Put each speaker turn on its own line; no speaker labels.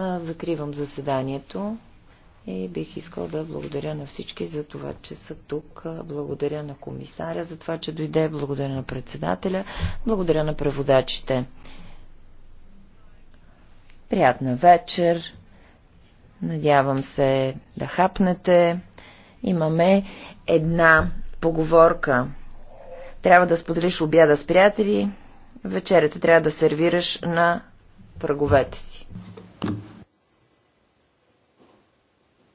Закривам заседанието и бих искал да благодаря на всички за това, че са тук. Благодаря на комисаря за това, че дойде. Благодаря на председателя. Благодаря на преводачите. Приятна вечер. Надявам се да хапнете. Имаме една поговорка. Трябва да споделиш обяда с приятели, вечерята трябва да сервираш на враговете си.